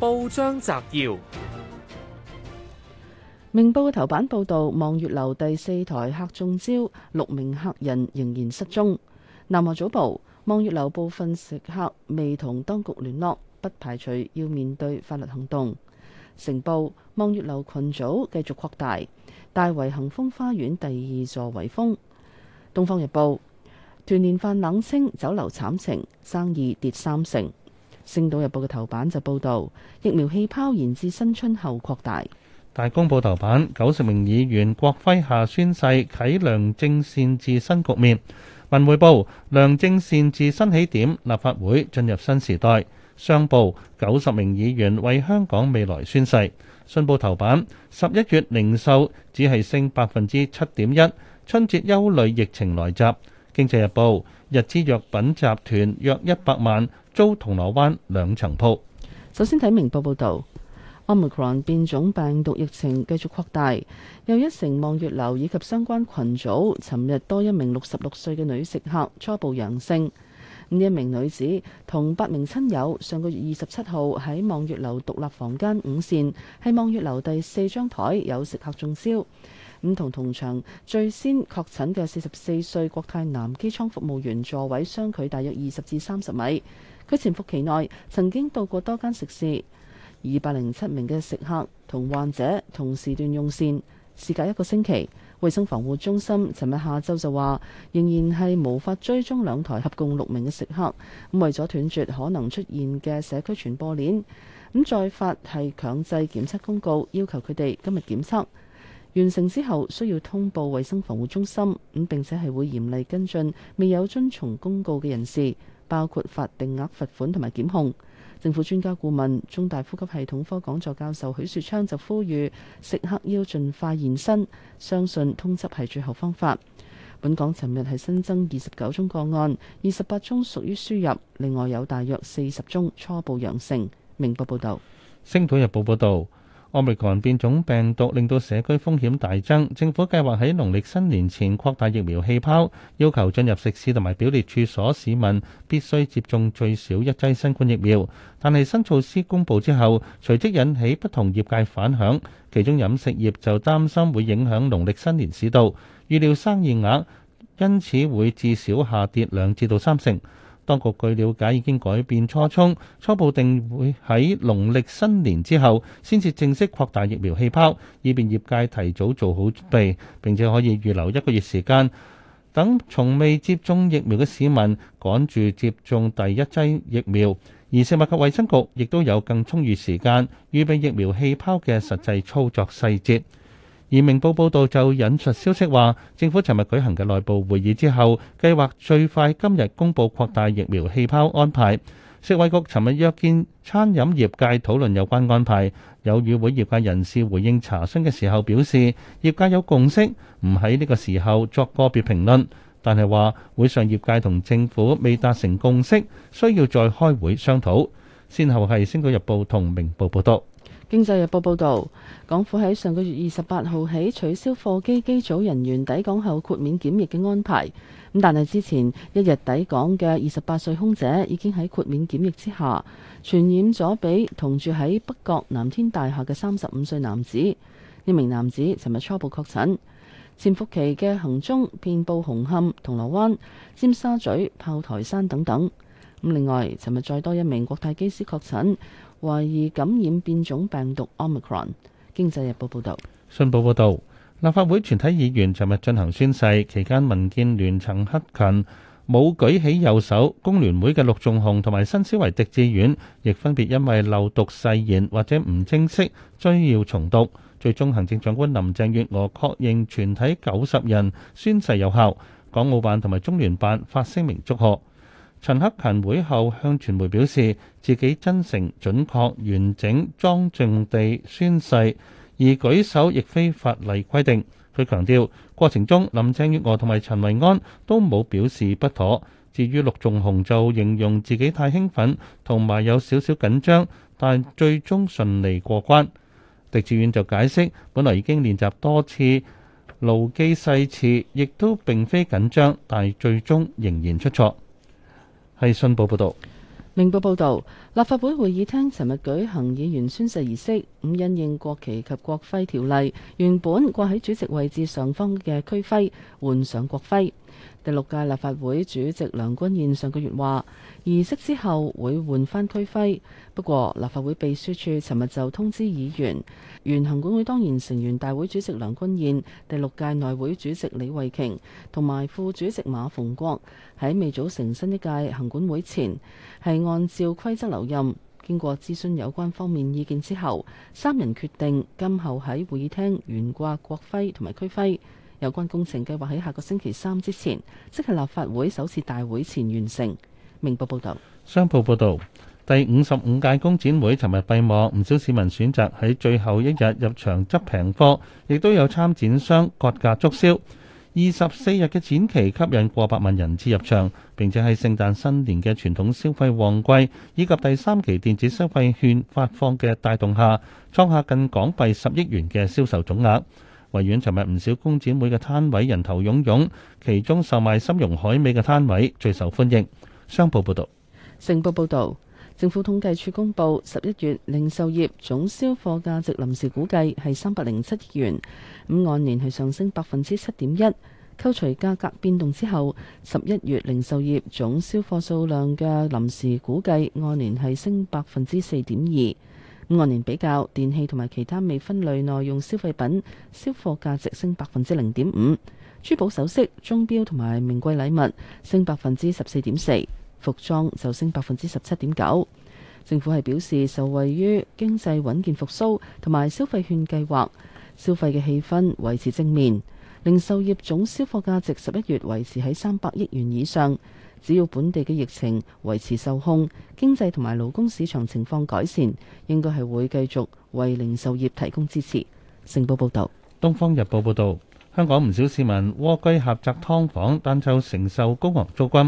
報章摘要：明報頭版報道，望月樓第四台客中招，六名客人仍然失蹤。南華早報：望月樓部分食客未同當局聯絡，不排除要面對法律行動。成報：望月樓群組繼續擴大，大圍恒豐花園第二座圍封。東方日報：團年飯冷清，酒樓慘情，生意跌三成。《星島日報》嘅頭版就報導疫苗氣泡延至新春後擴大，《大公報》頭版九十名議員國徽下宣誓啟良政善治新局面，《文匯報》良政善治新起點，立法會進入新時代，《商報》九十名議員為香港未來宣誓，《信報》頭版十一月零售只係升百分之七點一，春節憂慮疫情來襲。經濟日報，日資藥品集團約一百萬租銅鑼灣兩層鋪。首先睇明報報道，Omicron 變種病毒疫情繼續擴大，又一城望月樓以及相關群組，尋日多一名六十六歲嘅女食客初步陽性。呢一名女子同八名親友上個月二十七號喺望月樓獨立房間午膳，喺望月樓第四張台有食客中招。唔同同場最先確診嘅四十四歲國泰男機艙服務員，座位相距大約二十至三十米。佢潛伏期內曾經到過多間食肆，二百零七名嘅食客同患者同時段用膳。事隔一個星期，衛生防護中心尋日下晝就話仍然係無法追蹤兩台合共六名嘅食客。咁為咗斷絕可能出現嘅社區傳播鏈，咁再發係強制檢測公告，要求佢哋今日檢測。完成之後需要通報衛生防護中心，咁並且係會嚴厲跟進未有遵從公告嘅人士，包括法定額罰款同埋檢控。政府專家顧問中大呼吸系統科講座教授，教授許樹昌就呼籲，食客要盡快現身，相信通緝係最後方法。本港尋日係新增二十九宗個案，二十八宗屬於輸入，另外有大約四十宗初步陽性。明報報道。星島日報報導。Omicron 變種病毒令到社會風險大增，政府計劃喺農曆新年前擴大疫苗氣泡，要求進入食肆同埋表列處所市民必須接種最少一劑新冠疫苗。但係新措施公布之後，隨即引起不同業界反響，其中飲食業就擔心會影響農曆新年市道。預料生意額，因此會至少下跌兩至到三成。當局據了解已經改變初衷，初步定會喺農曆新年之後先至正式擴大疫苗氣泡，以便業界提早做好準備，並且可以預留一個月時間，等從未接種疫苗嘅市民趕住接種第一劑疫苗。而食物及衛生局亦都有更充裕時間預備疫苗氣泡嘅實際操作細節。而明報報導就引述消息話，政府尋日舉行嘅內部會議之後，計劃最快今日公布擴大疫苗氣泡安排。食衞局尋日約見餐飲業界討論有關安排，有與會業界人士回應查詢嘅時候表示，業界有共識，唔喺呢個時候作個別評論，但係話會上業界同政府未達成共識，需要再開會商討。先後係《星島日報》同《明報》報導。經濟日報報導，港府喺上個月二十八號起取消貨機機組人員抵港後豁免檢疫嘅安排。咁但係之前一日抵港嘅二十八歲空姐已經喺豁免檢疫之下傳染咗畀同住喺北角南天大廈嘅三十五歲男子。呢名男子尋日初步確診，潛伏期嘅行蹤遍佈紅磡、銅鑼灣、尖沙咀、炮台山等等。咁另外，尋日再多一名國泰機師確診。懷疑感染變種病毒 Omicron。經濟日報報導，信報報導，立法會全體議員尋日進行宣誓期間，民建聯陳克勤冇舉起右手，工聯會嘅陸仲雄同埋新思維狄志遠亦分別因為漏讀誓言或者唔正式，需要重讀。最終行政長官林鄭月娥確認全體九十人宣誓有效。港澳辦同埋中聯辦發聲明祝賀。陳克勤會後向傳媒表示，自己真誠、準確、完整、莊正地宣誓，而舉手亦非法例規定。佢強調過程中，林鄭月娥同埋陳維安都冇表示不妥。至於陸仲雄就形容自己太興奮同埋有少少緊張，但最終順利過關。狄志遠就解釋，本來已經練習多次，牢記誓詞，亦都並非緊張，但最終仍然出錯。係信報報道，明報報道，立法會會議廳尋日舉行議員宣誓儀式，咁因應國旗及國徽條例，原本掛喺主席位置上方嘅區徽換上國徽。第六屆立法會主席梁君彥上個月話儀式之後會換返區徽，不過立法會秘書處尋日就通知議員，原行管會當然成員大會主席梁君彥、第六屆內會主席李慧瓊同埋副主席馬逢國喺未組成新一屆行管會前，係按照規則留任，經過諮詢有關方面意見之後，三人決定今後喺會議廳懸掛國徽同埋區徽。有關工程計劃喺下個星期三之前，即係立法會首次大會前完成。明報報道，商報報道，第五十五屆工展會尋日閉幕，唔少市民選擇喺最後一日入場執平貨，亦都有參展商割價促銷。二十四日嘅展期吸引過百萬人次入場，並且喺聖誕新年嘅傳統消費旺季，以及第三期電子消費券發放嘅帶動下，創下近港幣十億元嘅銷售總額。維園尋日唔少工展會嘅攤位人頭湧湧，其中售賣參茸海味嘅攤位最受歡迎。商報報道，城報報道，政府統計處公佈十一月零售業總銷貨價值臨時估計係三百零七億元，咁按年係上升百分之七點一，扣除價格變動之後，十一月零售業總銷貨數量嘅臨時估計按年係升百分之四點二。按年比較，電器同埋其他未分類耐用消費品銷貨價值升百分之零點五，珠寶首飾、鐘錶同埋名貴禮物升百分之十四點四，服裝就升百分之十七點九。政府係表示受惠於經濟穩健復甦同埋消費券計劃，消費嘅氣氛維持正面，零售業總銷貨價值十一月維持喺三百億元以上。只要本地嘅疫情維持受控，經濟同埋勞工市場情況改善，應該係會繼續為零售業提供支持。成報報導，《東方日報》報導，香港唔少市民蝸居狹窄劏房，但就承受高昂租金，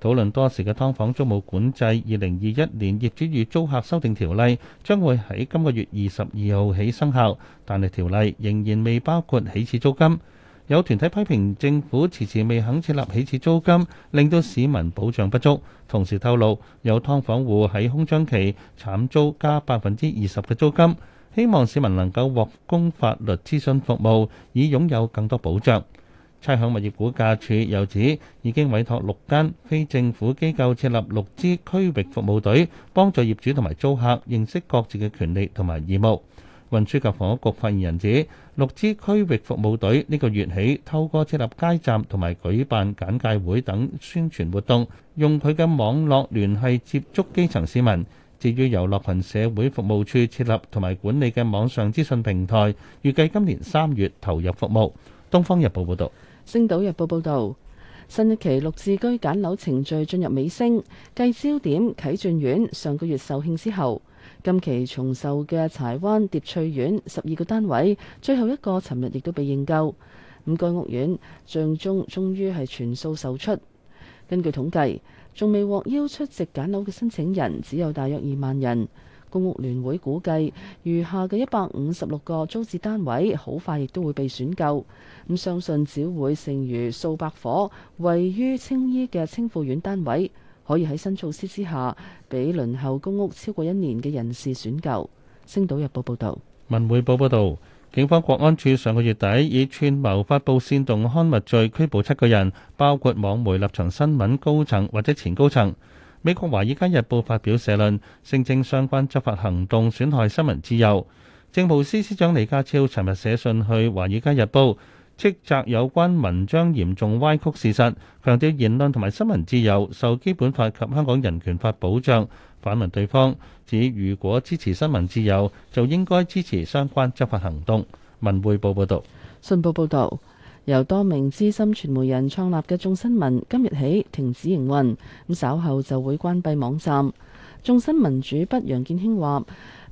討論多時嘅劏房租務管制，二零二一年業主與租客修訂條例將會喺今個月二十二號起生效，但係條例仍然未包括起始租金。有團體批評政府遲遲未肯設立起始租金，令到市民保障不足，同時透露有劏房戶喺空窗期慘租加。運輸及房屋局發言人指，六支區域服務隊呢個月起透過設立街站同埋舉辦簡介會等宣傳活動，用佢嘅網絡聯繫接觸基層市民。至於由樂群社會服務處設立同埋管理嘅網上資訊平台，預計今年三月投入服務。東方日報報道，星島日報報道，新一期綠置居揀樓程序進入尾聲，繼焦點啟鑽苑上個月售罄之後，今期重售嘅柴灣蝶翠苑十二個單位，最後一個尋日亦都被認購。五間屋苑最終終於係全數售出。根據統計，仲未獲邀出席揀樓嘅申請人只有大約二萬人。公屋聯會估計，餘下嘅一百五十六個租置單位好快亦都會被選購。咁相信只會剩餘數百伙位於青衣嘅青富苑單位。可以喺新措施之下，俾輪候公屋超過一年嘅人士選購。星島日報報道，文匯報報道，警方國安處上個月底以串謀發布煽動刊物罪拘捕七個人，包括網媒立場新聞高層或者前高層。美國華爾街日報發表社論，聲稱相關執法行動損害新聞自由。政務司司長李家超尋日寫信去華爾街日報。斥責有關文章嚴重歪曲事實，強調言論同埋新聞自由受基本法及香港人權法保障。反問對方，指如果支持新聞自由，就應該支持相關執法行動。文匯報報導，信報報導，由多名資深傳媒人創立嘅眾新聞今日起停止營運，咁稍後就會關閉網站。眾新民主不楊建興話：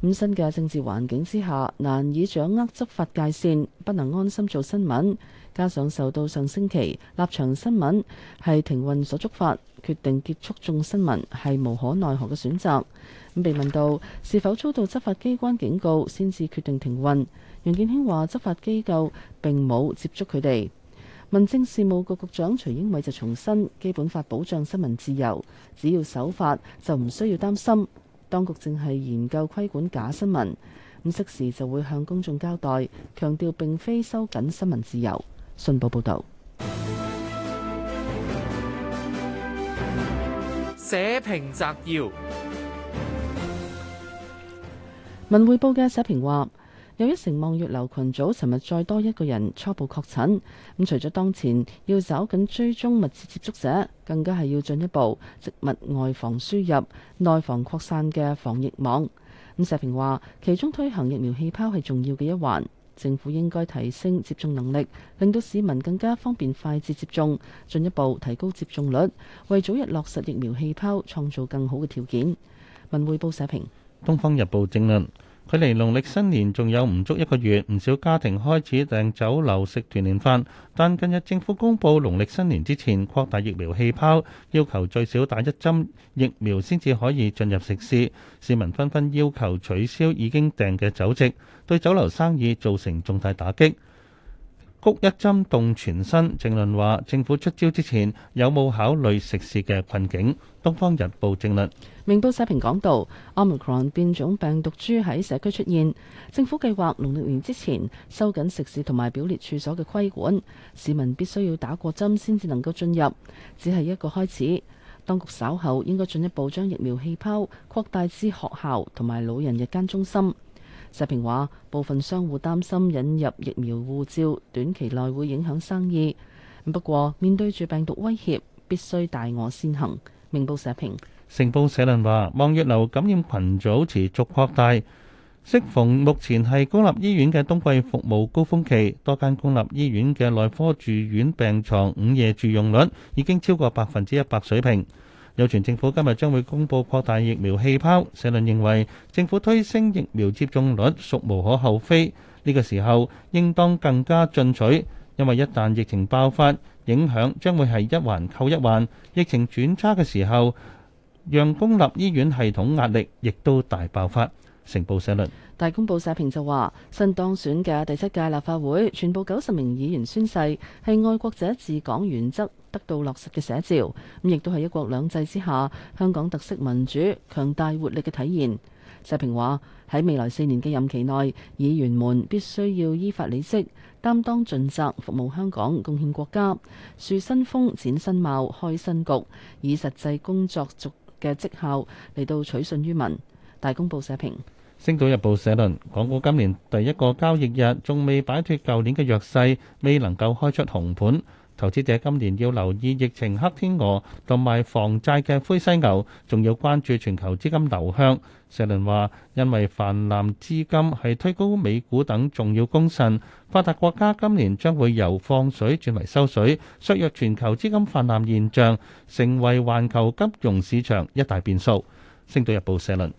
咁新嘅政治環境之下，難以掌握執法界線，不能安心做新聞。加上受到上星期立場新聞係停運所觸發，決定結束眾新聞係無可奈何嘅選擇。咁被問到是否遭到執法機關警告先至決定停運，楊建興話：執法機構並冇接觸佢哋。民政事務局局長徐英偉就重申，《基本法》保障新聞自由，只要守法就唔需要擔心。當局正係研究規管假新聞，咁即時就會向公眾交代，強調並非收緊新聞自由。信報報道，社評摘要，文匯報嘅社評話。有一成望月流群組，尋日再多一個人初步確診。咁除咗當前要找緊追蹤密切接觸者，更加係要進一步植物外防輸入、內防擴散嘅防疫網。咁社評話，其中推行疫苗氣泡係重要嘅一環，政府應該提升接種能力，令到市民更加方便快捷接種，進一步提高接種率，為早日落實疫苗氣泡創造更好嘅條件。文匯報社評，《東方日報》正論。距離農曆新年仲有唔足一個月，唔少家庭開始訂酒樓食團年飯,但近日政府公布農曆新年之前擴大疫苗氣泡，要求最少打一針疫苗先至可以進入食肆，市民紛紛要求取消已經訂嘅酒席，對酒樓生意造成重大打擊。谷一針動全身，政論話政府出招之前有冇考慮食肆嘅困境？《東方日報》政論。明報社評講道，奧密克戎變種病毒株喺社區出現，政府計劃農曆年之前收緊食肆同埋表列處所嘅規管，市民必須要打過針先至能夠進入，只係一個開始。當局稍後應該進一步將疫苗氣泡擴大至學校同埋老人日間中心。社評話，部分商戶擔心引入疫苗護照，短期內會影響生意。不過面對住病毒威脅，必須大我先行。明報社評，成報社論話，望月樓感染群組持續擴大，適逢目前係公立醫院嘅冬季服務高峰期，多間公立醫院嘅內科住院病床午夜住用率已經超過百分之一百水平。有傳政府今日將會公布擴大疫苗氣泡，社論認為政府推升疫苗接種率屬無可厚非，呢個時候應當更加進取，因為一旦疫情爆發，影響將會係一環扣一環，疫情轉差嘅時候，讓公立醫院系統壓力亦都大爆發。成報社論，大公報社評就話：新當選嘅第七屆立法會全部九十名議員宣誓，係愛國者治港原則得到落實嘅寫照。咁亦都係一國兩制之下香港特色民主強大活力嘅體現。社評話：喺未來四年嘅任期內，議員們必須要依法履職，擔當盡責，服務香港，貢獻國家，樹新風，展新貌，開新局，以實際工作組嘅績效嚟到取信於民。大公報社評，《星島日報》社論：港股今年第一個交易日，仲未擺脱舊年嘅弱勢，未能夠開出紅盤。投資者今年要留意疫情黑天鵝同埋房債嘅灰犀牛，仲要關注全球資金流向。社論話，因為氾濫資金係推高美股等重要功臣，發達國家今年將會由放水轉為收水，削弱全球資金氾濫現象，成為環球金融市場一大變數。《星島日報》社論。